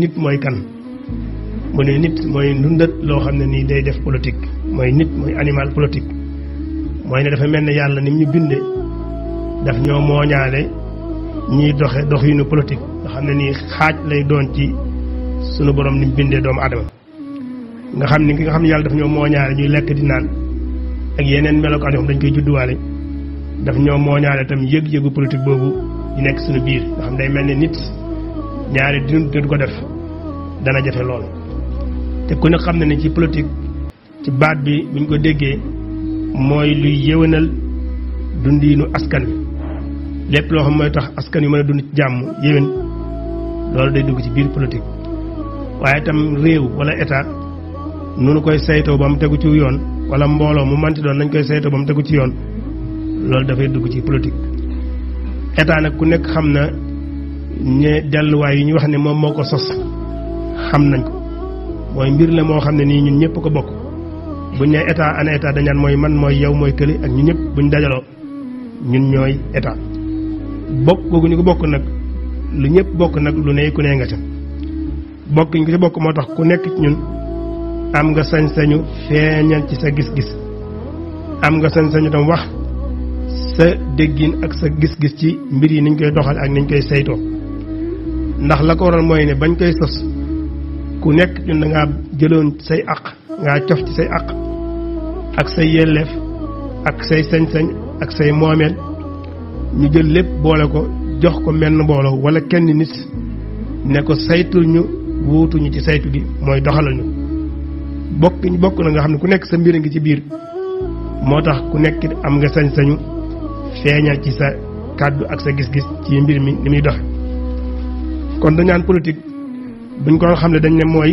nit mooy kan mu ne nit mooy ndundat loo xam ne nii day def politique mooy nit mooy animal politique mooy ne dafa mel ne yàlla ni mu ñu bindee daf ñoo mooñaale ñiy doxe doxinu politique nga xam ne nii xaaj lay doon ci sunu borom ni bindee doomu adama nga xam ni ki nga xam ne yàlla daf ñoo mooñaale ñuy lekk di naan ak yeneen melokaan yoo xam dañ koy judduwaale daf ñoo mooñaale tam yëg-yëgu politique boobu di nekk sunu biir nga xam day mel ne nit ñaari duñ du ko def dana jafe lool te ku ne xam na ne ci politique ci baat bi buñ ko déggee mooy luy yéwénal dundiinu askan wi lépp loo xam mooy tax askan yu mën a dund ci jàmm yéwén loolu day dugg ci biir politique. waaye itam réew wala état nu koy saytoo ba mu tegu ci yoon wala mbooloo mu manti doon nañ koy saytoo ba mu tegu ci yoon loolu dafay dugg ci politique état nag ku nekk xam na. ñe delluwaay yi ñu wax ne moom moo ko sos xam nañ ko mooy mbir la moo xam ne nii ñun ñëpp ko bokk buñ ne état ana état dañaan mooy man mooy yow mooy kële ak ñun ñëpp buñ dajaloo ñun ñooy état bokk ko bokk nag lu ñëpp bokk nag lu ne ku ne nga ca bokk ñu ko ci bokk moo tax ku nekk ñun am nga sañ-sañu feeñal ci sa gis-gis am nga sañ-sañu tam wax sa déggin ak sa gis-gis ci mbir yi niñ koy doxal ak niñ koy saytoo ndax la ko waral mooy ne bañ koy sos ku nekk ñun da ngaa jëloon say àq ngaa cof ci say àq ak say yelleef ak say sañ-sañ ak say moomeel ñu jël lépp boole ko jox ko menn mbooloo wala kenn nit ne ko saytul ñu wuutuñu ci saytu gi mooy doxalal ñu bokk bokk na nga xam ne ku nekk sa mbir a ngi ci biir moo tax ku nekk am nga sañ-sañu feeñal ci sa kàddu ak sa gis-gis ci mbir mi ni muy doxe kon dañaan politique buñ ko xam ne dañ ne mooy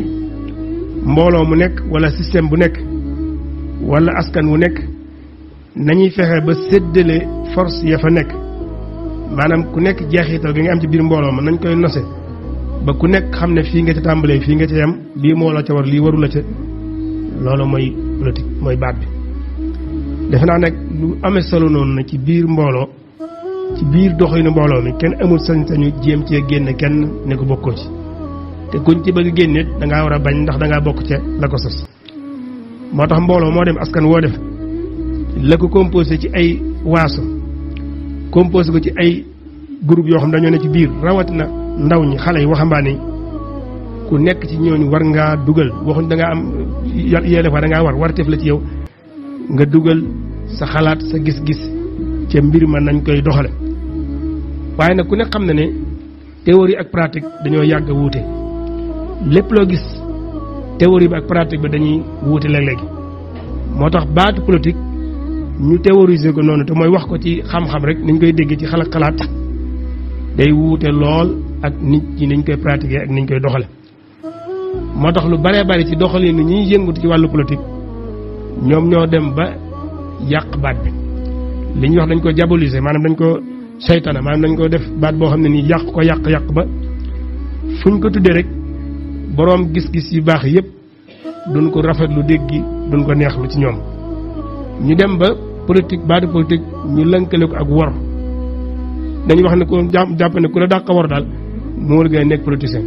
mbooloo mu nekk wala système bu nekk wala askan wu nekk nañuy fexe ba séddale force ya fa nekk maanaam ku nekk jeexital gi nga am ci biir mbooloo ma nañ koy nose ba ku nekk xam ne fii nga ca tàmbalee fii nga ca yam bii moo la ca war lii waru la ca loolu mooy politique mooy baat bi defe naa nag lu amee solo noonu na ci biir mbooloo ci biir doxalinu mbooloo mi kenn amul sañ-sañu jéem cee génn kenn ne ko bokkoo ci te kuñ ci bëgg génn it da ngaa war a bañ ndax da bokk ca la ko sos moo tax mbooloo moo dem askan woo def la ko composé ci ay waaso composé ko ci ay groupe yoo xam dañoo ne ci biir rawatina ndaw ñi xale yi waxambaane ku nekk ci ñooñu war ngaa dugal waxuñ da ngaa am yelleef da ngaa war war tef la ci yow nga dugal sa xalaat sa gis-gis ca mbir ma nañ koy doxale waaye nag ku ne xam na ne théorie ak pratique dañoo yàgg wuute lépp loo gis théorie bi ak pratique bi dañuy wuute léeg-léeg moo tax baatu politique ñu théoriser ko noonu te mooy wax ko ci xam-xam rek nañ koy déggee ci xalaat xalaat day wuute lool ak nit ñi nañ koy pratiquer ak niñ koy doxale moo tax lu baree bari ci doxalin ni ñuy yëngatu ci wàllu politique ñoom ñoo dem ba yàq baat bi li ñuy wax dañ ko diaboliser maanaam dañ ko saytana maanaam dañ ko def baat boo xam ne nii yàq ko yàq yàq ba fuñ ko tuddee rek boroom gis-gis yu baax yépp dun ko rafet rafetlu dégg gi duñ ko lu ci ñoom. ñu dem ba politique baatu politique ñu lënkale ko ak wor dañuy wax ne ku jàpp ne ku la dàq wor daal moo la gën a nekk politicien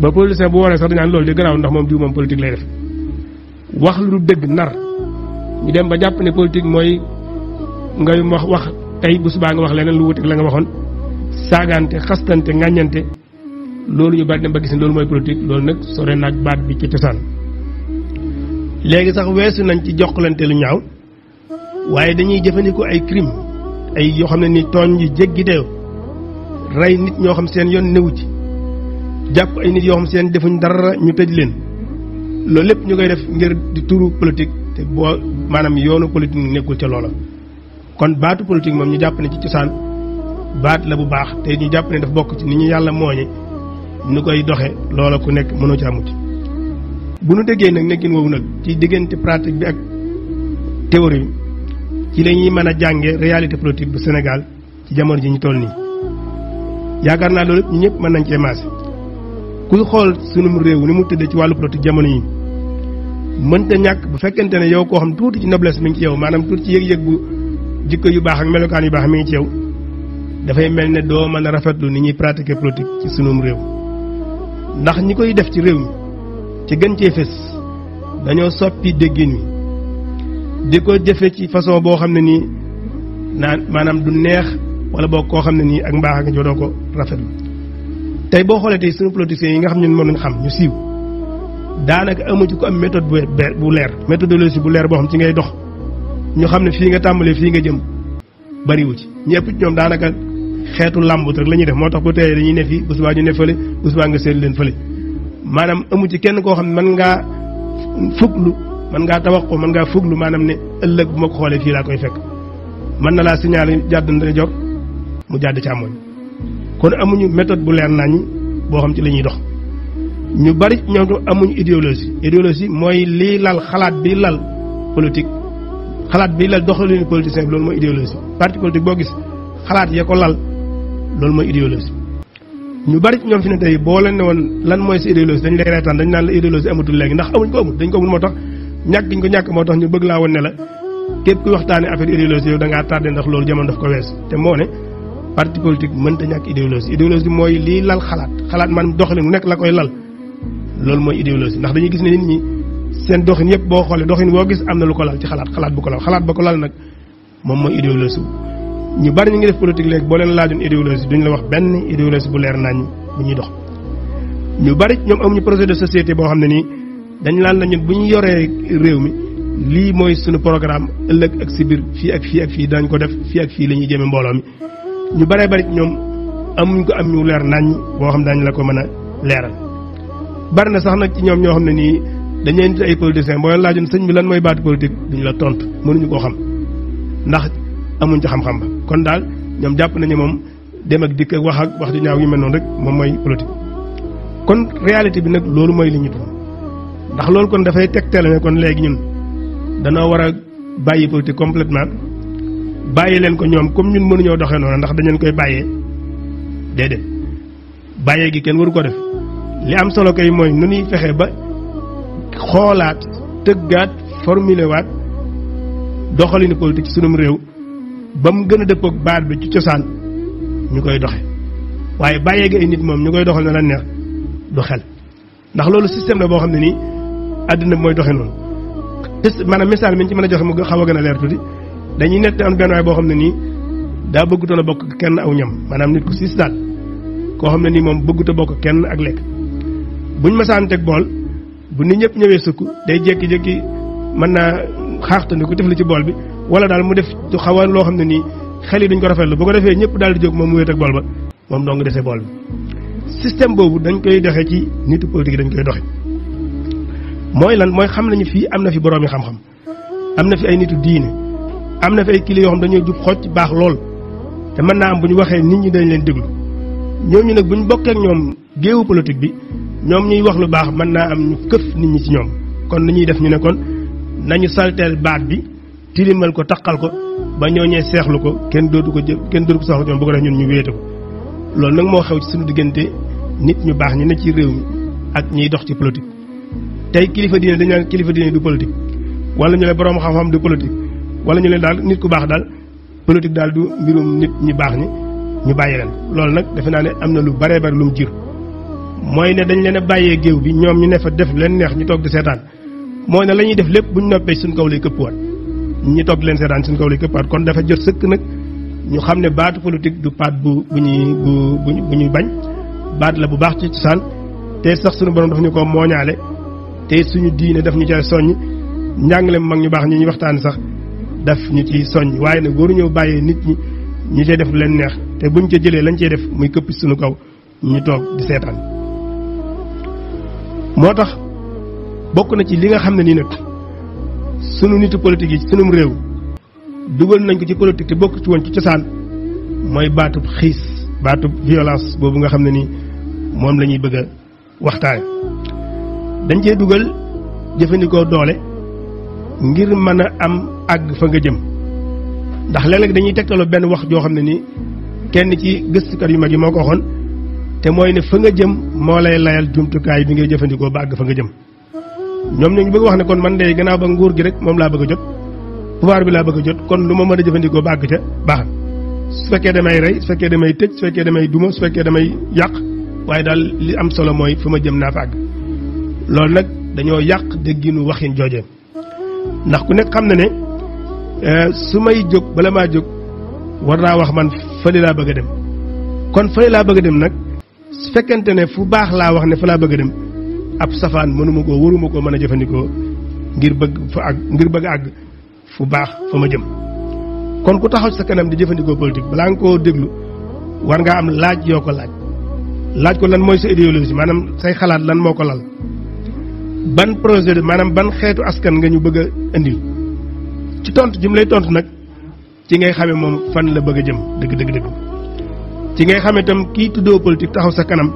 ba politicien bu waree sax dañaan loolu di garaaw ndax moom diw moom politique lay def wax lu dul dëgg nar ñu dem ba jàpp ne politique mooy. ngay wax wax tey bu subaa ngi wax leneen lu wuteeg la nga waxoon saagaante xastante ŋàññante loolu ñu bari dem ba gis ne loolu mooy politique loolu nag sore naag baat bi ci cosaan léegi sax weesu nañ ci jokkalante lu ñaaw waaye dañuy jëfandikoo ay crime ay yoo xam ne ni tooñ yi jéggi dayoo rey nit ñoo xam seen yoon newu ci jàpp ay nit yoo xam seen defuñ dara ñu tëj leen loolu lépp ñu koy def ngir di turu politique te boo maanaam yoonu politique nekkul ca loola kon baatu politique moom ñu jàpp ne ci cosaan baat la bu baax te ñu jàpp ne daf bokk ci ni ñu yàlla mooñe ñu koy doxe loola ku nekk mënoo ci amuti bu nu déggee nag nekkin woowu nag ci diggante pratique bi ak théorie bi ci la ñuy mën a jànge réalité politique bu Sénégal ci jamono ji ñu toll nii yaakaar naa loolu ñu ñëpp mën nañ cee maase ku xool sunum réew ni mu tëddee ci wàllu politique jamono yi mënta ñàkk bu fekkente ne yow koo xam tuuti ci noblesse mi ngi ci yow maanaam tuuti yëg-yëg jikko yu baax ak melokaan yu baax mi ngi ci yow dafay mel ne doo mën a rafetlu ni ñuy pratiquer politique ci sunum réew ndax ñi koy def ci réew mi ci gën cee fës dañoo soppi déggin wi di ko jëfe ci façon boo xam ne nii naan maanaam du neex wala boo koo xam ne nii ak mbaax ak nga jodoo ko rafetlu tey boo xoolee tey sunu politiciens yi nga xam ne moom lañ xam ñu siiw daanaka amu ci ko am méthode bu bu leer méthodologie bu leer boo xam ci ngay dox ñu xam ne fii nga tàmbalee fii nga jëm bariwu ci ñëpp ñoom daanaka xeetu làmbut rek la ñuy def moo tax bu teyee dañuy ne fii bu ñu ne fële bu nga seetlu leen fële maanaam amu ci kenn koo xam ne mën ngaa fuglu mën ngaa tawax ko mën ngaa lu maanaam ne ëllëg bu ma ko xoolee fii laa koy fekk mën na laa signaler jàdd na jog mu jàdd càmmoñ kon amuñu méthode bu leer naññi boo xam ci la ñuy dox ñu bari ñoom amuñu idéologie idéologie mooy lii lal xalaat bi lal politique xalaat bi lal doxalinu politicien bi loolu mooy idéologie parti politique boo gis xalaat ya ko lal loolu mooy idéologie ñu bari ñoom fi ne tey boo leen ne woon lan mooy si idéologie dañ lay reetaan dañ naan la idéologie amatul léegi ndax amuñ ko amul dañ ko amul moo tax ñàkk giñ ko ñàkk moo tax ñu bëgg laa woon ne la képp kuy waxtaanee affaire idéologie yow da ngaa tardé ndax loolu jamono daf ko wees te moo ne parti politique mënta ñàkk idéologie idéologie mooy lii lal xalaat xalaat maanaam doxalin mu nekk la koy lal loolu mooy idéologie ndax dañuy gis ne nit seen doxin yëpp boo xoolee doxin boo gis am na lu ko laal ci xalaat xalaat bu ko laal xalaat ba ko laal nag moom mooy idéologie ñu bari ñu ngi def politique léegi boo leen laajoon idéologie duñ la wax benn idéologie bu leer nañ bu ñuy dox. ñu bari ñoom amuñu projet de société boo xam ne nii dañ laan la ñun bu ñu yoree réew mi lii mooy suñu programme ëllëg ak sibir fii ak fii ak fii dañ ko def fii ak fii la ñuy jëmee mbooloo mi ñu baree bari ñoom amuñ ko am ñu leer nañ boo xam dañ la ko mën a leeral bari na sax nag ci ñoom ñoo xam ne nii dañ leen ay politiciens boo leen laajoon sëñ bi lan mooy baatu politique duñ la tontu mënuñu koo xam ndax amuñ ci xam-xam ba kon daal ñoom jàpp nañu moom dem ak dikk ak wax ak wax ju ñaaw yu mel noonu rek moom mooy politique. kon réalité bi nag loolu mooy li ñu doon ndax loolu kon dafay teg tegtale ne kon léegi ñun danoo war a bàyyi politique complètement bàyyi leen ko ñoom comme ñun mënuñoo doxee noonu ndax dañ koy bàyyee déedéet bàyyee gi kenn waru ko def li am solo kay mooy nu ñuy fexe ba. xoolaat tëggaat formulé waat doxalinu politique ci sunum réew ba mu gën a dëppoog baat bi ci cosaan ñu koy doxe waaye bàyyee gi ay nit moom ñu koy doxal na la neex du xel ndax loolu système la boo xam ne nii àddina mooy doxe noonu maanaam misaal mi ñu ci mën a joxe mu xaw a gën a leer tuuti dañuy nett am benn waay boo xam ne nii daa bëggutoon a bokk kenn aw ñam maanaam nit ku siis koo xam ne nii moom bëggut a bokk kenn ak lekk buñ masaanteeg bool bu nit ñëpp ñëwee sukk day jékki-jékki mën naa xaaxtandiku def la ci bool bi wala daal mu def xaw a loo xam ne nii xel yi dañ ko rafet rafetlu boo ko defee ñëpp daal di jóg moom mu wéet ak bool ba moom dong desee bool bi système boobu dañ koy doxe ci nitu politique dañ koy doxe mooy lan mooy xam nañu fii am na fi borom yi xam-xam am na fi ay nitu diine am na fi ay kili yoo xam dañoo jub xocc baax lool te mën naa am bu ñu waxee nit ñi dañ leen déglu ñooñu nag bu ñu ñoom géewu politique bi ñoom ñuy wax lu baax mën naa am ñu këf nit ñi ci ñoom kon nañuy def ñu ne kon nañu salteel baat bi tilimal ko taqal ko ba ñee seexlu ko kenn dootu ko jë kenn dootu ko soxla ñoom bu ko def ñun ñu wéete ko loolu nag moo xew ci suñu diggante nit ñu baax ñu ne ci réew mi ak ñiy dox ci politique. tey kilifa diine dañu kilifa diine du politique wala ñu ne borom xam-xam du politique wala ñu ne daal nit ku baax daal politique daal du mbirum nit ñi baax ñi ñu bàyyi leen loolu nag defe naa ne am na lu baree bari lu jir mooy ne dañu leen a bàyyee géew bi ñoom ñu ne fa def leen neex ñu toog di seetaan mooy ne la ñuy def lépp bu ñu noppee suñ kaw lay këppuwaat ñi toog di leen seetaan suñ kaw lay këppuwaat kon dafa jot sëkk nag ñu xam ne baatu politique du paat bu bu bu bu ñuy bañ baat la bu baax ci cosaan te sax suñu daf ñu ko mooñaale tey suñu diine daf ñu ca soññ njàngale mag ñu baax ñu ñu waxtaan sax daf ñu ci soññ waaye nag ñëw bàyyee nit ñi ñu cay def leen neex te buñ ca jëlee lañ cey def muy këpp suñu kaw ñu toog di seetaan moo tax bokk na ci li nga xam ne nii nag sunu nitu politique yi sunum réew dugal nañ ko ci politique te bokk ci woon ci cosaan mooy baatub xiis baatub violence boobu nga xam ne ni moom lañuy ñuy bëgg dañ cee dugal jëfandikoo doole ngir mën a am àgg fa nga jëm ndax léeg-léeg dañuy tegtaloo benn wax joo xam ne nii kenn ci gëstukat yu mag yi moo ko waxoon te mooy ne fa nga jëm moo lay layal jumtukaay bi ngay jëfandikoo ba àgg fa nga jëm ñoom ñu bëgg wax ne kon man de gannaaw ba nguur gi rek moom laa bëgg a jot pouvoir bi laa bëgg a jot kon lu ma mën a jëfandikoo ba àgg ca baax su fekkee ay rey su fekkee damay tëj su fekkee damay duma su fekkee damay yàq waaye daal li am solo mooy fa ma jëm naa fa àgg loolu nag dañoo yàq dégginu waxin jooje ndax ku nekk xam na ne eh, su may jóg bala maa jóg war naa wax man fële laa bëgg a dem kon fële laa bëgg dem nag. su fekkente ne fu baax laa wax ne fa laa bëgg a dem ab safaan mënuma koo waruma ko mën a jëfandikoo ngir bëgg fa àgg ngir bëgg àgg fu baax fa ma jëm kon ku taxaw sa kanam di jëfandikoo politique balaa nga koo déglu war ngaa am laaj yoo ko laaj laaj ko lan mooy sa idéologie maanaam say xalaat lan moo ko lal ban projet de maanaam ban xeetu askan nga ñu bëgg a indil ci tontu jim lay tontu nag ci ngay xamee moom fan la bëgg a jëm dëgg dëgg dëgg ci ngay xam itam kii tuddoo politique taxaw sa kanam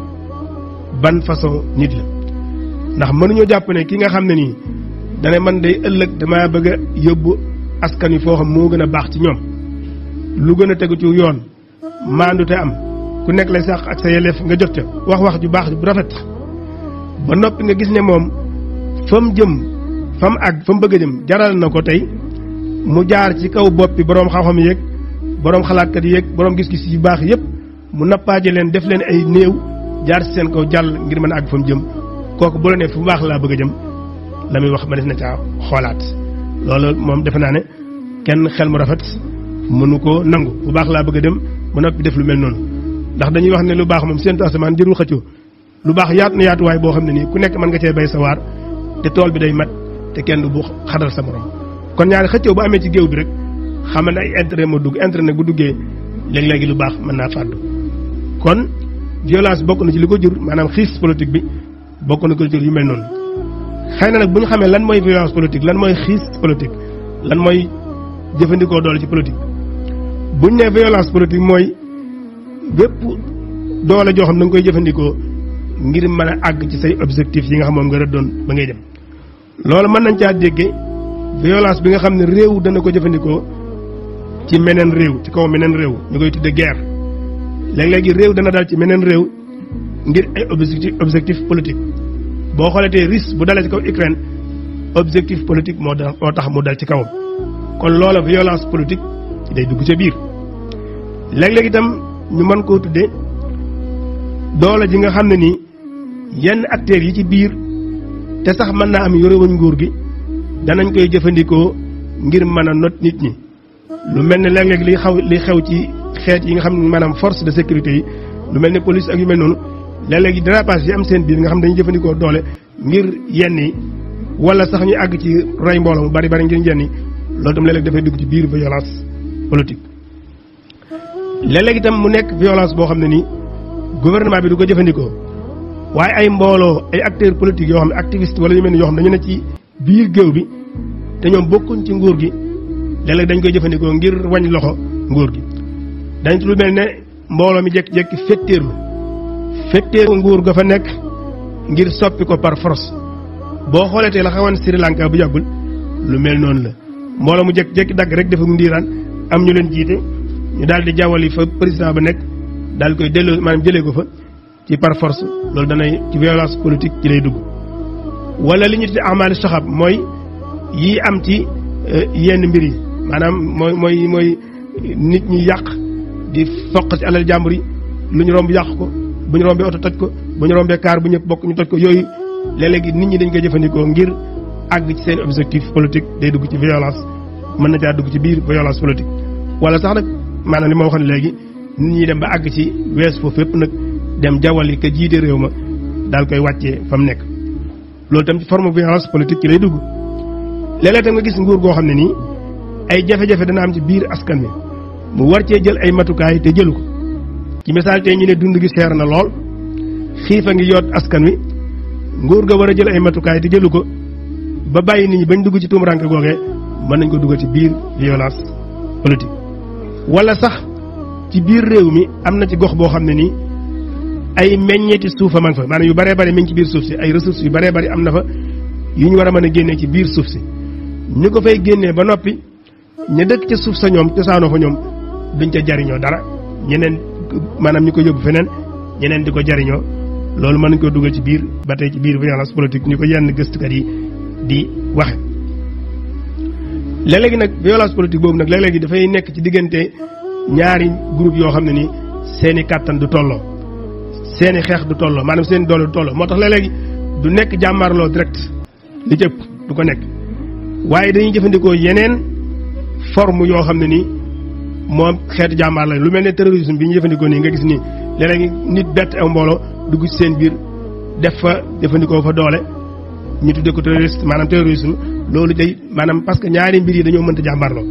ban façon nit la ndax mënuñoo jàpp ne ki nga xam ne nii dana man day ëllëg dama bëgg a yóbbu askan wi foo xam moo gën a baax ci ñoom lu gën a tegu ci yoon maandu te am ku nekk lay sax ak sa yelleef nga jot ca wax wax ju baax ju bu rafet ba noppi nga gis ne moom fa mu jëm fa mu àgg fa mu bëgg a jëm jaral na ko tey mu jaar ci kaw bopp bi boroom xam-xam yeeg boroom xalaatkat yeeg boroom gis-gis yu baax yépp mu nappaaje leen def leen ay néew jaar si seen kaw jàll ngir mën a àgg fa jëm kooku bu la ne fu baax laa bëgg a jëm la muy wax ma des na caa xoolaat loolu moom defe naa ne kenn xel mu rafet mënu ko nangu bu baax laa bëgg dem ba noppi def lu mel noonu ndax dañuy wax ne lu baax moom séentu asamaan jërul xëccoo lu baax yaatu na yaatuwaay boo xam ne nii ku nekk mën nga cee bay sa waar te day mat te kenn du bu xadal sa morom kon ñaari xëccoo bu amee ci géew bi rek xamal ay intérêt moo dugg intérêt nag duggee léeg-léegi lu baax mën naa fàddu kon violence bokk na ci li ko jur maanaam xiis politique bi bokk na ko jur yu mel noonu xëy na nag bu ñu xamee lan mooy violence politique lan mooy xiis politique lan mooy jëfandikoo doole ci politique. bu ñu nee violence politique mooy bépp doole joo xam da nga koy jëfandikoo ngir mën a àgg ci say objectif yi nga xam moom nga doon ba ngay dem loolu mën nañ caa déggee violence bi nga xam ne réew dana ko jëfandikoo ci meneen réew ci kaw meneen réew ñu koy tudde guerre. léeg-léegi réew dana dal ci meneen réew ngir ay objectif objectif politique boo xoolee tey bu dalee ci kaw Ukraine objectif politique moo da moo tax mu dal ci kawam kon loola violence politique day dugg ca biir léeg-léeg itam ñu mën koo tudde doole ji nga xam ne nii yenn acteurs yi ci biir te sax mën naa am yorewuñ nguur gi danañ koy jëfandikoo ngir mën a not nit ñi lu mel ne léeg-léeg li xew ci xeet yi nga xam ne maanaam force de sécurité yi lu mel ne police ak yu mel noonu léeg-léegi dérapage yi am seen biir nga xam dañuy jëfandikoo doole ngir yenn yi wala sax ñu àgg ci rey mbooloo mu bari bari ngir yenn yi loolu itam léeg-léeg dafay dugg ci biir violence politique. léeg-léeg tam mu nekk violence boo xam ne nii gouvernement bi du ko jëfandikoo waaye ay mbooloo ay acteurs politiques yoo xam ne activiste wala yu mel ni yoo xam dañu ne ci biir géew bi te ñoom bokkuñ ci nguur gi léeg dañ koy jëfandikoo ngir wañ loxo nguur dañ ci lu mel ne mbooloo mi jékki-jékki fetteeru fetteeru nguur ga fa nekk ngir soppi ko par force boo xoolee tey la xawoon Sri bu yàggul lu mel noonu la mbooloo mu jékki-jékki dagg rek dafa ndiiraan am ñu leen jiite ñu daal di jawwali fa président ba nekk daal koy delloo maanaam jëlee ko fa ci par loolu dana ci violence politique ci lay dugg wala li ñu tuddee amaali saxab mooy yi am ci euh, yenn mbir yi maanaam mooy mooy mooy nit ñi yàq di foq ci alal jàmbur yi lu ñu romb yàq ko bu ñu rombee oto toj ko bu ñu rombee kaar bu ñëpp bokk ñu toj ko yooyu léeg-léegi nit ñi dañ koy jëfandikoo ngir àgg ci seen objectif politique day dugg ci violence mën na caa dugg ci biir violence politique. wala sax nag ne li ma waxoon léegi nit ñi dem ba àgg ci wees foofu fépp nag dem jawali ka jiite réew ma daal koy wàccee fa mu nekk loolu tam ci forme violence politique ci lay dugg léeg tam nga gis nguur goo xam ne nii ay jafe-jafe am ci biir askan wi. mu war cee jël ay matukaay te jëlu ko ci misaal tey ñu ne dund gi seer na lool xiif a ngi yoot askan wi nguur ga war a jël ay matukaay te jëlu ko ba bàyyi nit ñi bañ dugg ci tuum googe googee mën nañ ko dugal ci biir violence politique. wala sax ci biir réew mi am na ci gox boo xam ne nii ay meññeeti suufa ma man fa maanaam yu baree bari mi ci biir suuf si ay ressources yu baree bari am na fa yu ñu war a mën a génnee ci biir suuf si ñu ko fay génnee ba noppi ña dëkk ca suuf sa cosaanoo fa ñoom. duñ ca jariñoo dara ñeneen maanaam ñu ko yóbbu feneen ñeneen di ko jariñoo loolu mën nañ ko dugal ci biir ba tey ci biir violence politique ñu ko yenn gëstukat yi di waxe léeg-léegi nag violence politique boobu nag léeg-léegi dafay nekk ci diggante ñaari groupe yoo xam ne ni seeni kàttan du tolloo seeni xeex du tolloo maanaam seeni doole du tolloo moo tax léeg-léegi du nekk jàmmaarloo direct li jëpp du ko nekk waaye dañuy jëfandikoo yeneen forme yoo xam ne ni moom xeetu jàmbaar lañ lu mel ne terrorisme bi ñu jëfandikoo nii nga gis nii léeg-léeg nit bett aw mbooloo dugg ci seen biir def fa jëfandikoo fa doole ñu tuddee ko terroriste maanaam terrorisme loolu day maanaam parce que ñaari mbir yi dañoo mënta jàmbaarloo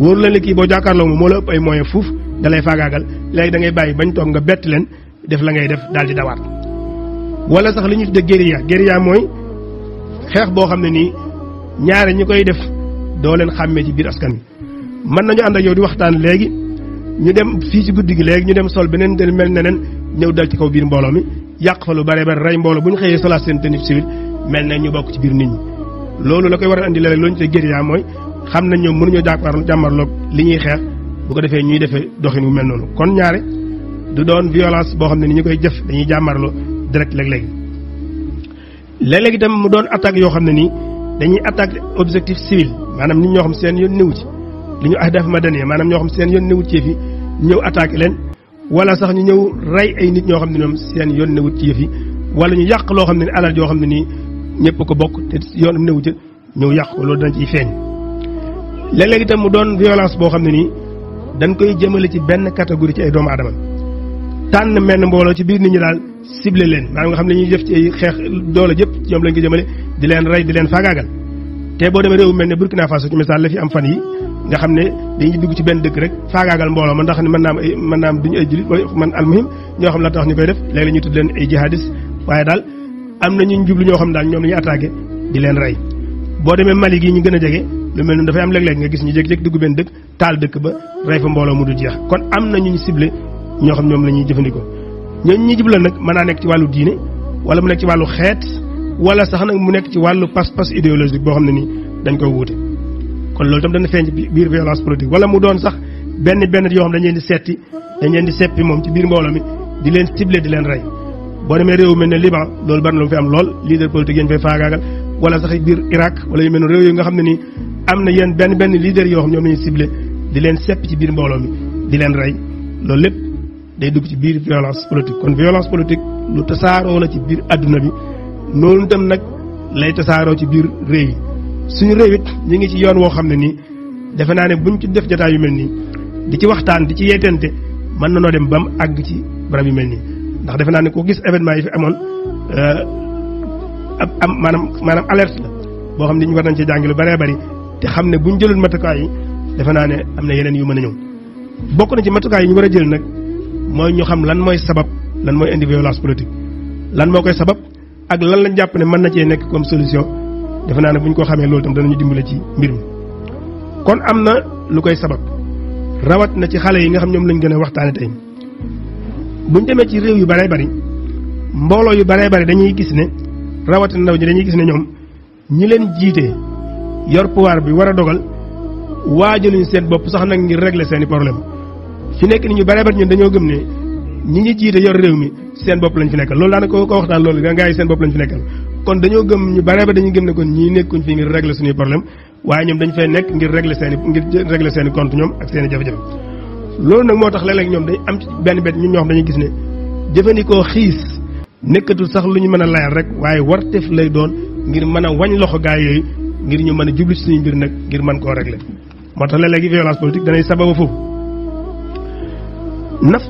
wóoru la ne kii boo jàkkaarloo moom moo la ëpp ay moyens fuuf da faagaagal léegi dangay bàyyi bañ toog nga bett leen def la ngay def daal di dawaat wala sax li ñu tuddee guérilla guérilla mooy xeex boo xam ne nii ñaare ñi koy def doo leen xàmmee ci biir askan wi mën nañu ànd ak yow di waxtaan léegi ñu dem fii ci guddi gi léegi ñu dem sol beneen del mel neneen ñëw dal ci kaw biir mbooloo mi yàq fa lu bare bare rey mbooloo bu ñu xëyee solaat seen tenue civile mel ne ñu bokk ci biir nit ñi loolu la koy war a andi léeg-léeg looñu te guérilla mooy xam nañ ñoom mënuñoo jàkkaar jàmmarloog li ñuy xeex bu ko defee ñuy defee doxin wu mel noonu kon ñaare du doon violence boo xam ne ni ñu koy jëf dañuy jàmmarloo direct léeg-léeg léeg-léeg itam mu doon attaque yoo xam ne nii dañuy attaque objectif civil maanaam nit ñoo xam seen yoon néew li ñu ahdaaf madaniya maanaam ñoo xam seen yoon newut ci yëf yi ñëw attaqué leen wala sax ñu ñëw rey ay nit ñoo xam ne ñoom seen yoon newut ci yëf wala ñu yàq loo xam ne alal joo xam ne nii ñëpp ko bokk te yoonam newu yàq ko loolu dana ciy feeñ léeg-léeg itam mu doon violence boo xam ne nii dañ koy jëmale ci benn catégorie ay doomu aadama tànn menn mbooloo ci biir nit ñi daal ciblé leen maanaam nga xam ne ñuy jëf ci ay xeex doole jëpp ñoom lañ ko jëmale di leen rey di leen faagaagal te boo demee réew mel ne Burkina Faso ci misaal la fi am fan yi nga xam ne dañuy dugg ci benn dëkk rek faagaagal mbooloo man ndax ne mën naa am ay mën naa am duñu ay jullit wala man almuhim ñoo xam la tax ñu koy def léeg-léeg ñu waaye daal am na ñu jublu ñoo xam daal ñoom la ñuy leen rey boo demee Mali gi ñu gën a jege lu mel noonu dafay am léeg-léeg nga gis ñu jékki-jékki dugg benn dëkk taal dëkk ba rey fa kon am na ñu ciblé ñoo xam ñoom la ñuy jëfandikoo ñooñu ñuy jublu nag mën naa nekk ci wàllu diine wala mu nekk ci wàllu xeet wala sax nag mu nekk ci wàllu pas-pas idéologique boo xam ne nii dañ koy wuute kon loolu tam dana feeñ ci biir violence politique wala mu doon sax benn benn yoo xam dañ leen di setti dañ leen di seppi moom ci biir mbooloo mi di leen cible di leen rey boo demee réew mel ne Liban loolu bari na lu am lool leader politique yi ñu fay faagaagal wala sax biir Irak wala yu mel ne réew yi nga xam ne nii am na yenn benn benn leader yoo xam ñoom la ñuy cible di leen sepp ci biir mbooloo mi di leen rey loolu lépp day dugg ci biir violence politique kon violence politique lu tasaaroo la ci biir adduna bi noonu tam nag lay tasaaroo ci biir réew yi suñu réew it ñu ngi ci yoon woo xam ne nii defe naa ne buñ ci def jotaay yu mel nii di ci waxtaan di ci yeetante mën na noo dem ba mu àgg ci barab yu mel nii ndax defe naa ne koo gis événement yi fi amoon euh, ab am maanaam maanaam alerte la boo xam ne ñu war nañ ci jàng lu bëree te xam ne buñ jëlul matukaay yi defe naa ne am na yeneen yu mën a ñëw bokk na ci matukaay yi ñu war a jël nag mooy ñu xam lan mooy sabab lan mooy indi violence politique lan moo koy sabab ak lan lañ jàpp ne mën na cee nekk comme solution defe naa ne bu ñu ko xamee loolu tam danañu dimbule ci mbir mi kon am na lu koy sabab rawat na ci xale yi nga xam ñoom lañu gën a waxtaane tey buñ demee ci réew yu baree bari mbooloo yu baree bari dañuy gis ne rawat na ndaw ñi dañuy gis ne ñoom ñi leen jiite yor pouvoir bi war a dogal waajaluñ seen bopp sax nag ngir régler seen i fi nekk ni ñu baree bari ñun dañoo gëm ne ñi ñi jiite yor réew mi seen bopp lañ fi nekkal loolu daanaka ko waxtaan loolu da ngay seen bopp lañ fi nekkal kon dañoo gëm ñu bare ba dañuy gëm ne kon ñii nekkuñ fi ngir régler suñuy problème waaye ñoom dañu fay nekk ngir régler seen i ngir régler seen i compte ñoom ak seen i jafe-jafe loolu nag moo tax léeg ñoom dañu am benn benn ñun ñoo dañuy gis ne jëfandikoo xiis nekkatul sax lu ñu mën a layal rek waaye warteef lay doon ngir mën a wañ loxo gaay yooyu ngir ñu mën a jubli ci suñu mbir nag ngir mën koo régler moo tax léeg-léegi violence politique danay sababa foofu naf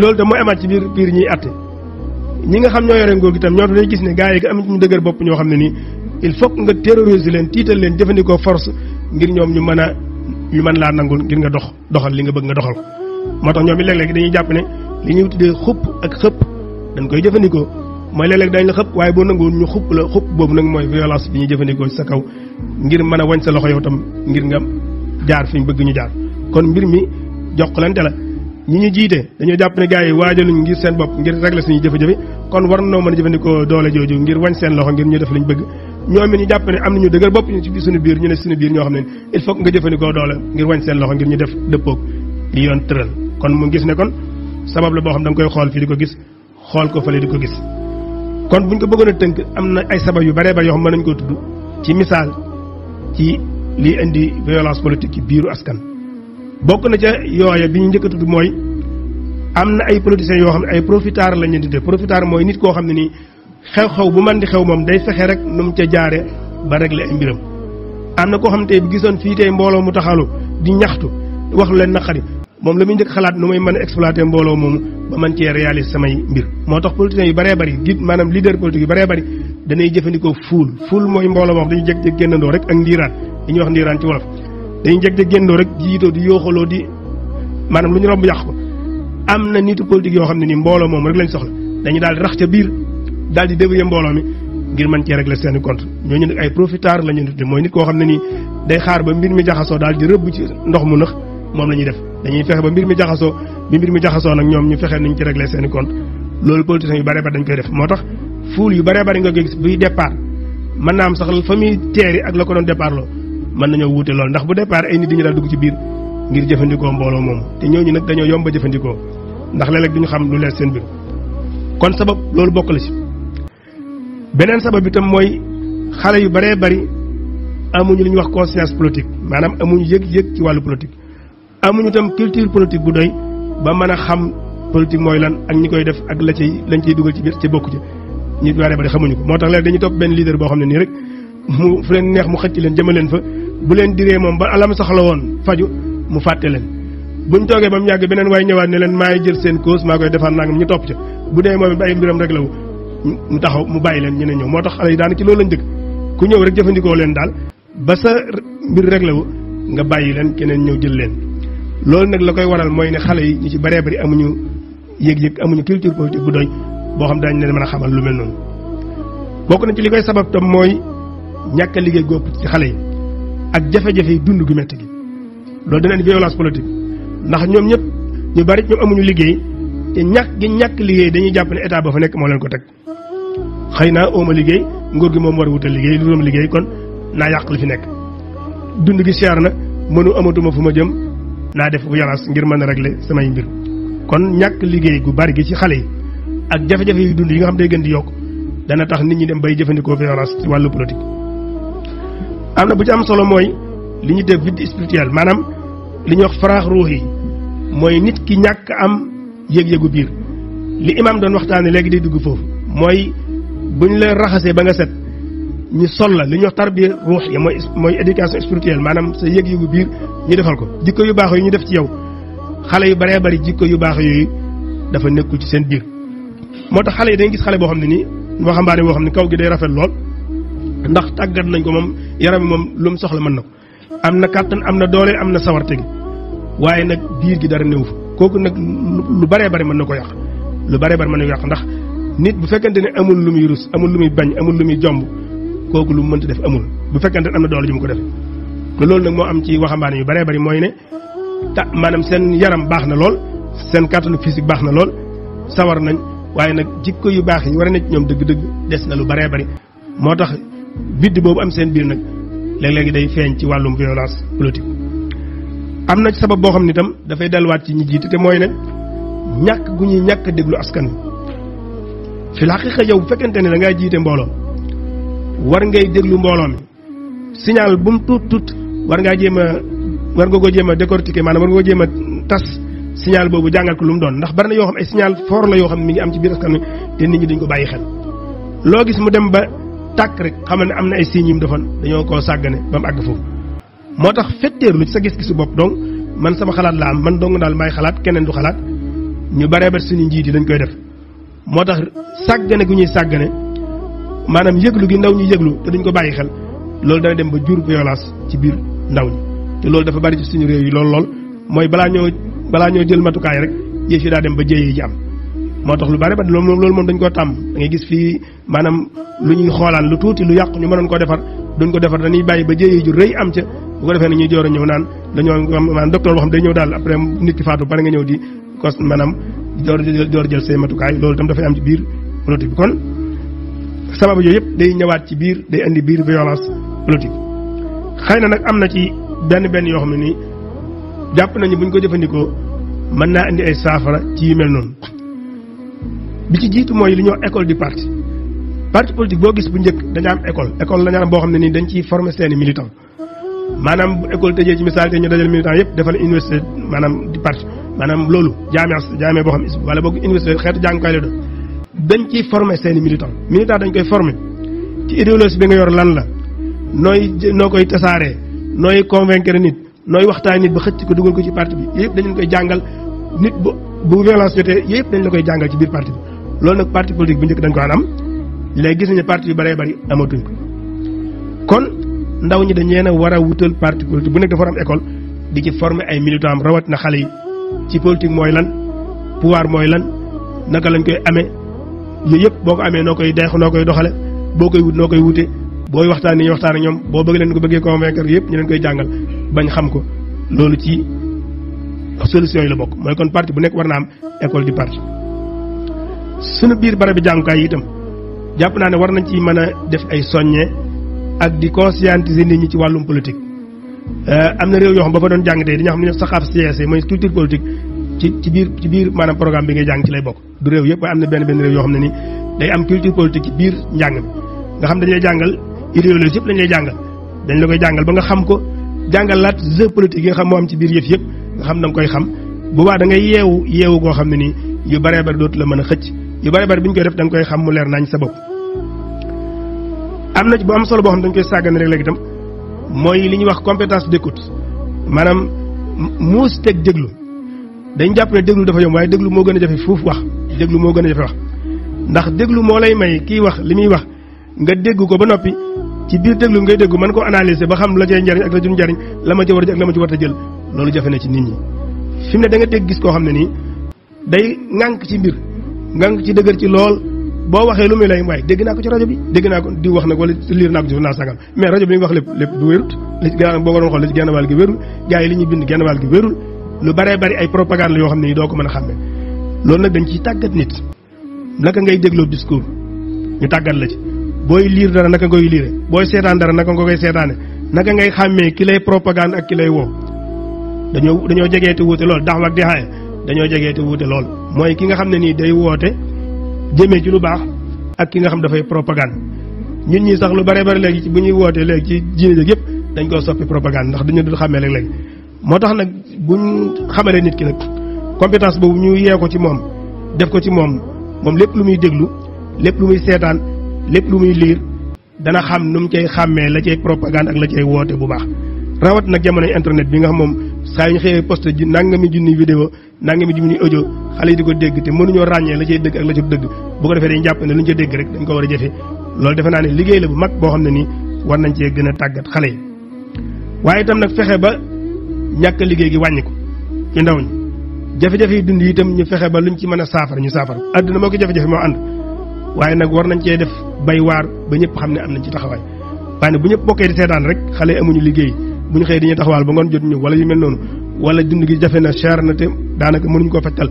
loolu da mooy amaat ñuy àtte ñi nga xam ñoo yore nguur gi tam ñoo dañuy gis ne gars yi am ñu dëgër bopp ñoo xam ne nii il faut nga terroriser leen tiital leen jëfandikoo force ngir ñoom ñu mën a ñu mën laa nangul ngir nga dox doxal li nga bëgg nga doxal ko moo tax ñoom it léeg-léeg dañuy jàpp ne li ñuy tuddee xupp ak xëpp dañ koy jëfandikoo mooy léeg-léeg dañ la xëpp waaye boo nanguwul ñu xupp la xupp boobu nag mooy violence bi ñuy jëfandikoo sa kaw ngir mën a wañ sa loxo yow tam ngir nga jaar fi ñu bëgg ñu jaar kon mbir mi jokkalante la ñi ñu jiite dañoo jàpp ne gars yi waajaluñ ngir seen bopp ngir régler suñuy jafe-jafe kon war noo mën a jëfandikoo doole jooju ngir wañ seen loxo ngir ñu def liñ bëgg ñoom it ñu jàpp ne am nañu dëgër bopp ñu ci suñu biir ñu ne suñu biir ñoo xam ne il faut nga doole ngir wañ seen loxo ngir ñu def dëppoog li yoon tëral kon mu gis ne kon sabab la boo xam da nga koy xool fii di ko gis xool ko fële di ko gis kon buñ ko bëggoon a tënk am na ay sabab yu bare bare yoo xam mën nañ koo tudd ci misaal ci lii indi violence politique ci biiru askan bokk na ca yooya bi ñu njëkk a tudd mooy am na ay politiciens yoo xam ne ay profiteurs lañ leen di tuddee mooy nit koo xam ne nii xew-xew bu man di xew moom day fexe rek nu mu ca jaare ba régler ay mbiram. am na koo xam tey bu gisoon fii tey mbooloo mu taxalu di ñaxtu wax leen naqari moom la muy njëkk xalaat nu may mën a exploiter mbooloo moomu ba mën cee réaliser samay mbir moo tax politiciens yu baree bari gi maanaam leader politique yu bëree bëri danay jëfandikoo fuul fuul mooy mbooloo moom dañuy jékki-jékki génnandoo rek ak ndiiraan li ñuy wax ndiiraan dañuy jeg te géndoo rek jiitoo di yooxaloo di maanaam lu ñu romb yàq ko am na nitu politique yoo xam ne nii mbooloo moom rek lañ soxla dañu daal di rax ca biir daal di débrouiller mbooloo mi ngir mën cee régler seeni compte ñooñu nag ay profiteur la ñu tudde mooy nit koo xam ne nii day xaar ba mbir mi jaxasoo daal di rëbb ci ndox mu nëx moom la ñuy def dañuy fexe ba mbir mi jaxasoo bi mbir mi jaxasoo nag ñoom ñu fexe nañ ci régler seeni compte loolu politiciens yu bare bare dañ koy def moo tax fuul yu bare bare nga gis buy départ mën naa am sax fa muy teeri ak la ko doon départ loo mën nañoo wuute lool ndax bu départ ay nit dañu daal dugg ci biir ngir jëfandikoo mbooloo moom te ñooñu nag dañoo yomb a jëfandikoo ndax léeg-léeg duñu xam lu leer seen biir kon sabab loolu bokk la ci beneen sabab itam mooy xale yu baree bari amuñu lu ñuy wax conscience politique maanaam amuñu yëg-yëg ci wàllu politique amuñu itam culture politique bu doy ba mën a xam politique mooy lan ak ñi koy def ak la cay lañ ciy dugal ci biir ci bokku ci ñi baree bari xamuñu tax léegi dañuy topp benn leader xam ne nii mu fu leen neex mu xëcc leen jëma leen fa bu leen diree moom ba alam soxla woon faju mu fàtte leen buñ toogee ba mu yàgg beneen waaye ñëwaat ne leen maay jël seen cause maa koy defar nangam ñu topp ca bu dee moom ay mbiram rek la mu taxaw mu bàyyi leen ñeneen ñëw moo tax xale yi daanaka ci loolu lañ dëkk ku ñëw rek jëfandikoo leen daal ba sa mbir rek la wu nga bàyyi leen keneen ñëw jël leen loolu nag la koy waral mooy ne xale yi ñu ci baree bari amuñu yëg-yëg amuñu culture politique boo xam daañu leen mën a xamal lu mel noonu bokk na ci li ñàkk a liggéey góob ci xale yi ak jafe-jafe yi dund gu métti gi loolu dana indi violence politique ndax ñoom ñëpp ñu bari ñoom amuñu liggéey te ñàkk gi ñàkk liggéey dañuy jàpp ne état ba fa nekk moo leen ko teg xëy naa ooma liggéey nguur gi moom war a wutal liggéey lu doon liggéey kon naa yàq li fi nekk dund gi seer na mënu amatuma fu ma jëm naa def violence ngir mën a régler samay mbir kon ñàkk liggéey gu bari gi ci xale yi ak jafe-jafe yu dund yi nga xam day gën di yokk dana tax nit ñi dem bay jëfandikoo violence ci wàllu politique am na bu ci am solo mooy li ñu def vide spirituel maanaam li ñuy wax faraax ruux yi mooy nit ki ñàkk am yëg-yëgu biir li imaam doon waxtaane léegi di dugg foofu mooy bu ñu la raxasee ba nga set ñu sol la li ñuy wax tarbiya ruux ya mooy mooy éducation spirituelle maanaam sa yëg-yëgu biir ñu defal ko jikko yu baax yi ñu def ci yow xale yu baree bari jikko yu baax yooyu dafa nekkul ci seen biir moo tax xale yi dañuy gis xale boo xam ne nii waxambaane boo xam ne kaw gi day rafet lool ndax tàggat nañ ko moom yaram moom lu mu soxla mën na ko am na kàttan am na doole am na sawarte gi waaye nag biir gi dara néew fa kooku nag lu baree bari mën na ko yàq lu baree bari mën na ko yàq ndax nit bu fekkente ne amul lu muy rus amul lu muy bañ amul lu muy jomb kooku lu mu mënta def amul bu fekkente ne am na doole ju ko defee te loolu nag moo am ci waxambaane yu baree bari mooy ne ta maanaam seen yaram baax na lool seen kàttanu physique baax na lool sawar nañ waaye nag jikko yu baax yi war a nekk ñoom dëgg-dëgg des na lu baree bari moo tax bidd boobu am seen biir nag léeg-léegi day feeñ ci wàllum violence politique am na sabab boo xam ne itam dafay delluwaat ci ñi jiite te mooy ne ñàkk gu ñuy ñàkk déglu askan fi la xaqiqa yow bu fekkente ne da ngaa jiite mbooloo war ngay déglu mbooloo mi signal bu mu tuut tuut war ngaa jéem a war nga ko jéem a décortiquer maanaam war nga ko jéem a tas signal boobu jàngal ko lu mu doon ndax bari na yoo xam ay signal foor la yoo xam ne mi ngi am ci biir askan te nit ñi dañ ko bàyyi xel tàkk rek xamal ne am na ay signes yim defoon dañoo koo sàggane ba mu àgg foofu moo tax fetteerlu ci sa gis-gisu bopp donc man sama xalaat la am man dong daal may xalaat keneen du xalaat ñu baree bat suñu njiit yi dañ koy def moo tax sàggane gu ñuy sàggane maanaam yëglu gi ndaw ñu yëglu te duñ ko bàyyi xel loolu dana dem ba jur violence ci biir ndaw ñi te loolu dafa bari ci suñu réew yi loolu lool mooy balaa ñoo balaa ñoo jël matukaay rek yëf daa dem ba jéyee ji am moo tax lu bare ba loolu loolu moom dañ koo tàmm da ngay gis fii maanaam lu ñuy xoolaan lu tuuti lu yàqu ñu mënoon koo defar duñ ko defar dañuy bàyyi ba jéyee ju rëy am ca bu ko defee na ñuy joor a ñëw naan dañoo maanaam docteur boo ñëw daal après nit ki faatu pare nga ñëw di kos maanaam door door jël say matukaay loolu tam dafay am ci biir politique bi kon sababu yooyu yëpp day ñëwaat ci biir day indi biir violence politique xëy na nag am na ci benn benn yoo xam ne nii jàpp nañu buñ ko jëfandikoo mën naa indi ay saafara ci yu mel noonu bi ci jiitu mooy li ñuy wax école du parti parti politique boo gis bu njëkk dañu am école école la ñu am boo xam ne nii dañ ciy former seen i maanaam bu école tëjee ci misaal te ñu dajal militant yëpp defal université maanaam di parti maanaam loolu am jaamee boo xam is wala boog université xeetu jàngukaay la doon dañ ciy former seen i militants militant dañ koy former ci idéologie bi nga yor lan la nooy noo koy tasaaree nooy convaincre nit nooy waxtaan nit ba xëcc ko dugal ko ci parti yëpp dañu koy jàngal nit bu bu violence jotee yëpp dañ la koy jàngal ci biir parti bi loolu nag parti politique bu njëkk dañ ko daan am léegi gis nañu parti yu bëree bëri amatuñ kon ndaw ñi dañ leen a war a wutal parti politique bu nekk dafa war am école di ci former ay militants am xale yi ci politique mooy lan pouvoir mooy lan naka lañ koy amee yooyu yëpp boo amee noo koy deex noo koy doxale boo koy wut noo koy wute booy waxtaan ni waxtaan ak ñoom boo bëgg leen ko bëggee convaincre yëpp ñu leen koy jàngal bañ xam ko loolu ci solution yi bokk mooy kon parti bu nekk war na am école du parti sunu biir bi jàngukaay yi tam jàpp naa ne war nañ ci mën a def ay soññe ak di conscientiser nit ñi ci wàllum politique. Euh, am na réew yoo xam ba doon jàng tey xam ne saxaaf CSE mooy culture politique ci ci biir bi ngay jàng lay bokk. du yëpp waaye am na benn benn réew xam ne ni day am culture politique ci biir njàng mi nga xam dañ lay jàngal idéologie yëpp dañ lay jàngal dañ la koy jàngal ba nga xam ko jàngalaat jeu politique yi nga xam moo am ci biir yëf yëpp nga xam da nga koy xam bu baax da ngay yeewu yeewu goo xam ne nii yu baree bari dootu la mën a xëcc. yu bari bari bi ñu koy def danga koy xam mu leer nañ sa bopp. am na ci bu am solo boo xam dañ koy sàggane rek léegi itam mooy li ñuy wax compétence d'écoute maanaam muus teg déglu dañ jàpp ne déglu dafa yomb waaye déglu moo gën a jafe fuuf wax déglu moo gën a jafe wax ndax déglu moo lay may kiy wax li muy wax nga dégg ko ba noppi ci biir déglu ngay déggu mën koo analyser ba xam la cay njariñ ak la jun njariñ la ma ci war a ak la ma ci war a jël loolu jafe na ci nit ñi fi da nga dégg gis koo xam ne nii day ŋànk ci mbir nga ci dëgër ci lool boo waxee lu muy lay waaye dégg naa ko ci rajo bi dégg naa ko di wax nag wala liir naa ko ci journal sangam mais rajo bi li wax lépp lépp du wérut li ci gannaaw boo ko doon xool li ci genn wàll gi wérul gars li ñuy bind genn gi wérul lu baree bari ay propagande la yoo xam ne doo ko mën a xàmme loolu nag dañ ciy tàggat nit naka ngay dégloo discours ñu tàggat la ci booy liir dara naka koy liire booy seetaan dara naka nga koy seetaane naka ngay xàmmee ki lay propagande ak ki lay woo dañoo dañoo jegee te wuute lool dax ak dixaaye dañoo jegee te wuute lool mooy ki nga xam ne nii day woote jëmee ci lu baax ak ki nga xam dafay propagande ñun ñi sax lu bare bare léegi ci bu ñuy wootee léegi ci diine yëpp dañ koo soppi propagande ndax dañu dul xamee léeg-léeg moo tax nag buñ xamalee nit ki nag compétence boobu ñu yee ko ci moom def ko ci moom moom lépp lu muy déglu lépp lu muy seetaan lépp lu muy liir dana xam nu mu cay xàmmee la cay propagande ak la cay woote bu baax rawat nag jamonoy internet bi nga xam moom saa yu ñu xëyee posté ji nangami junni vidéo nangami junni audio xale yi di ko dégg te mënuñoo ràññee la cay dëgg ak la ca dëgg bu ko defee dañu jàpp ne lu ñu ca dégg rek dañ ko war a jëfe loolu defe naa ne liggéey la bu mag boo xam ne nii war nañ cee gën a tàggat xale yi waaye tam nag fexe ba ñàkk liggéey gi wàññi ko ñu ndaw ñi jafe-jafe yi dund itam ñu fexe ba luñ ci mën a saafara ñu saafara àddina moo ko jafe-jafe moo ànd waaye nag war nañ cee def bay waar ba ñëpp xam ne am nañ ci taxawaay waaye bu ñëpp bokkee di seetaan rek xale amuñu liggéey bu ñu xëyee dañuy taxawaal ba ngoon jot ñu wala yu mel noonu wala dund gi jafe na cher na te daanaka mënuñ koo fajtal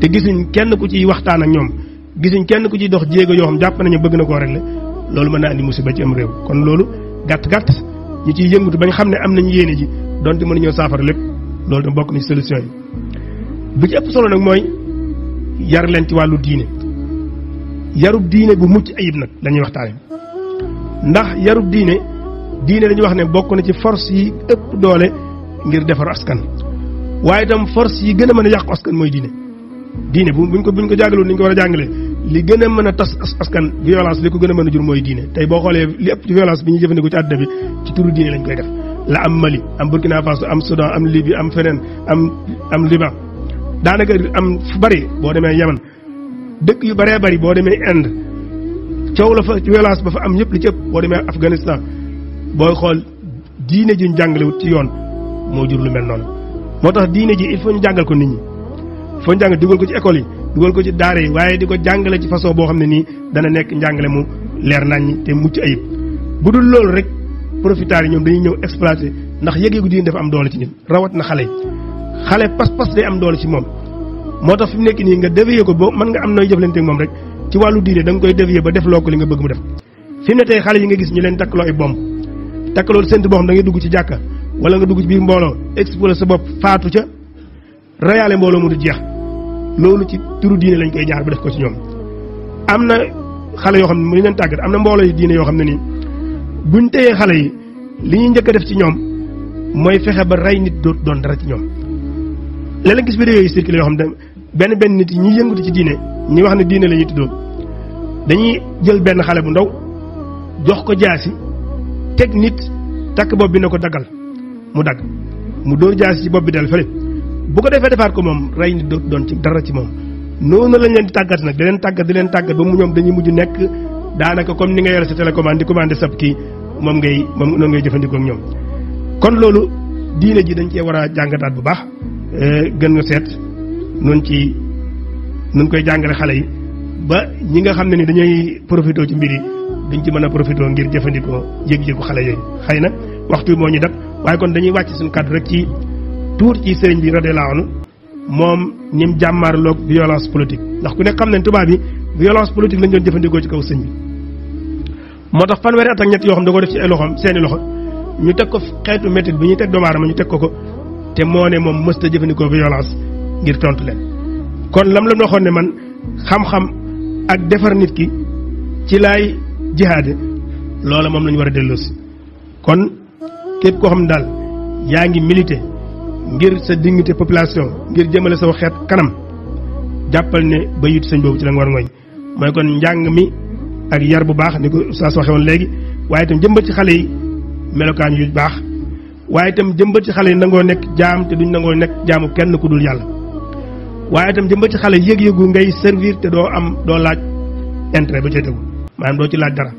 te gisuñ kenn ku ciy waxtaan ak ñoom gisuñ kenn ku ciy dox jéego yoo xam jàpp nañu bëgg na koo régler loolu mën naa andi musiba ci am réew kon loolu gàtt gàtt ñi ciy yëngatu bañ xam ne am nañ yéene ji donte mënuñoo saafara lépp loolu tam mbokk na ci solution yi bi ci ëpp solo nag mooy yar leen ci wàllu diine yarub diine bu mucc ayib nag la ñuy ndax yarub diine diine dañuy wax ne bokk na ci force yi ëpp doole ngir defar askan waaye itam force yi gën a mën a yàqu askan mooy diine diine bu buñ ko buñ ko jàngalu ni ñu ko war a jàngalee li gën a mën a tas askan violence li gën mën jur mooy diine tey boo xoolee li ëpp ci violence bi ñuy jëfandikoo ci àddina bi ci turu diine lañ koy def la am Mali am Burkina Faso am Soudan am Libye am feneen am am Liban daanaka am fu bari boo demee Yaman dëkk yu bëree bari boo demee Inde coow la fa violence ba fa am ñëpp li ci ëpp boo demee Afghanistan booy xool diine ji ñu ci yoon moo jur lu mel noonu moo tax diine ji il faut ñu jàngal ko nit ñi foo jàngal dugal ko ci école yi dugal ko ci daara yi waaye di ko jàngale ci façon boo xam ne nii dana nekk njàngale mu leer naññ te mucc ayib bu dul loolu rek profiteurs yi ñoom dañu ñëw exploité ndax yëgeegu diine dafa am doole ci nit rawat na xale yi xale pas-pas day am doole ci moom moo tax fi nekk nii nga dévier ko ba mën nga am na jëflante moom rek ci wàllu diine da nga koy dévier ba def loo ko li nga bëgg mu def fi mu xale yi nga gis ñu leen takkloo ay bomb takkalool sént boo xam da ngay dugg ci jàkka wala nga dugg ci biir mbooloo exposé sa bopp faatu ca rayaale mbooloo mu du jeex loolu ci turu diine lañ koy jaar ba def ko ci ñoom am na xale yoo xam ne mu leen tàggat am na mbooloo yi diine yoo xam ne nii ñu téyee xale yi li ñuy njëkk a def ci ñoom mooy fexe ba rey nit dootu doon dara ci ñoom léeg-léeg gis vidéo yi circulé yoo xam ne benn benn nit yi ñuy yëngatu ci diine ñi wax ne diine la ñuy tuddoo dañuy jël benn xale bu ndaw jox ko jaasi teg nit takk bopp bi na ko daggal mu dagg mu dóor jaasi ci bopp bi del fële bu ko defee defar ko moom rey nit dootu doon ci dara ci moom noonu lañ leen di tàggat nag di leen tàggat di leen tàggat ba mu ñoom dañuy mujj nekk daanaka comme ni nga yore sa télécommande di commandé ki moom ngay moom noonu ngay jëfandikoo ak ñoom kon loolu diine ji dañ cee war a jàngataat bu baax eh, gën nga seet nun ci nun koy jàngale xale yi ba ñi nga xam ne ni dañuy profité ci mbir yi duñ ci mën a profité ngir jëfandikoo yëg-yëgu xale yooyu xëy na waxtu moo ñu dab waaye kon dañuy wàcc suñu kàddu rek ci tuur ci sëriñ bi radiyallaahu anhu moom ñi mu jàmmaarloog violence politique ndax ku nekk xam nañ tubaab yi violence politique lañ doon jëfandikoo ci kaw sëñ bi moo tax fan at ñett yoo xam da ko def ci ay loxoom seeni loxo ñu teg ko xeetu méthode bi ñuy teg doomu aadama ñu teg ko ko te moo ne moom mësta jëfandikoo violence ngir tontu leen kon lam la waxoon ne man xam ak defar nit ki ci jihaade loola moom lañu war a delloosi kon képp koo xam ne daal yaa ngi milité ngir sa dignité population ngir jëmale saw xeet kanam jàppal ne ba yit sëñ boobu ci la nga war ngoñ mooy kon njàng mi ak yar bu baax ni ko saa waxee woon léegi waaye itam jëmbat ci xale yi melokaan yu baax waaye tam jëmbat ci xale yi nangoo nekk jaam te duñ nangoo nekk jaamu kenn ku dul yàlla waaye itam jëmbat ci xale yëg-yëgu ngay servir te doo am doo laaj intérêt ba cay maanaam doo ci laaj dara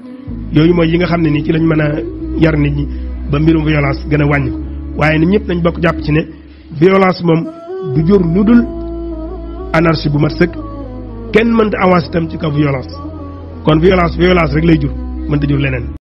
yooyu mooy yi nga xam ne nii ci lañ mën a yar nit ñi ba mbirum violence gën a wàññi ko waaye nit ñëpp nañ bokk jàpp ci ne violence moom du jur lu dul anarchie bu mat sëkk kenn mënta avance itam ci kaw violence kon violence violence rek lay jur mënta jur leneen.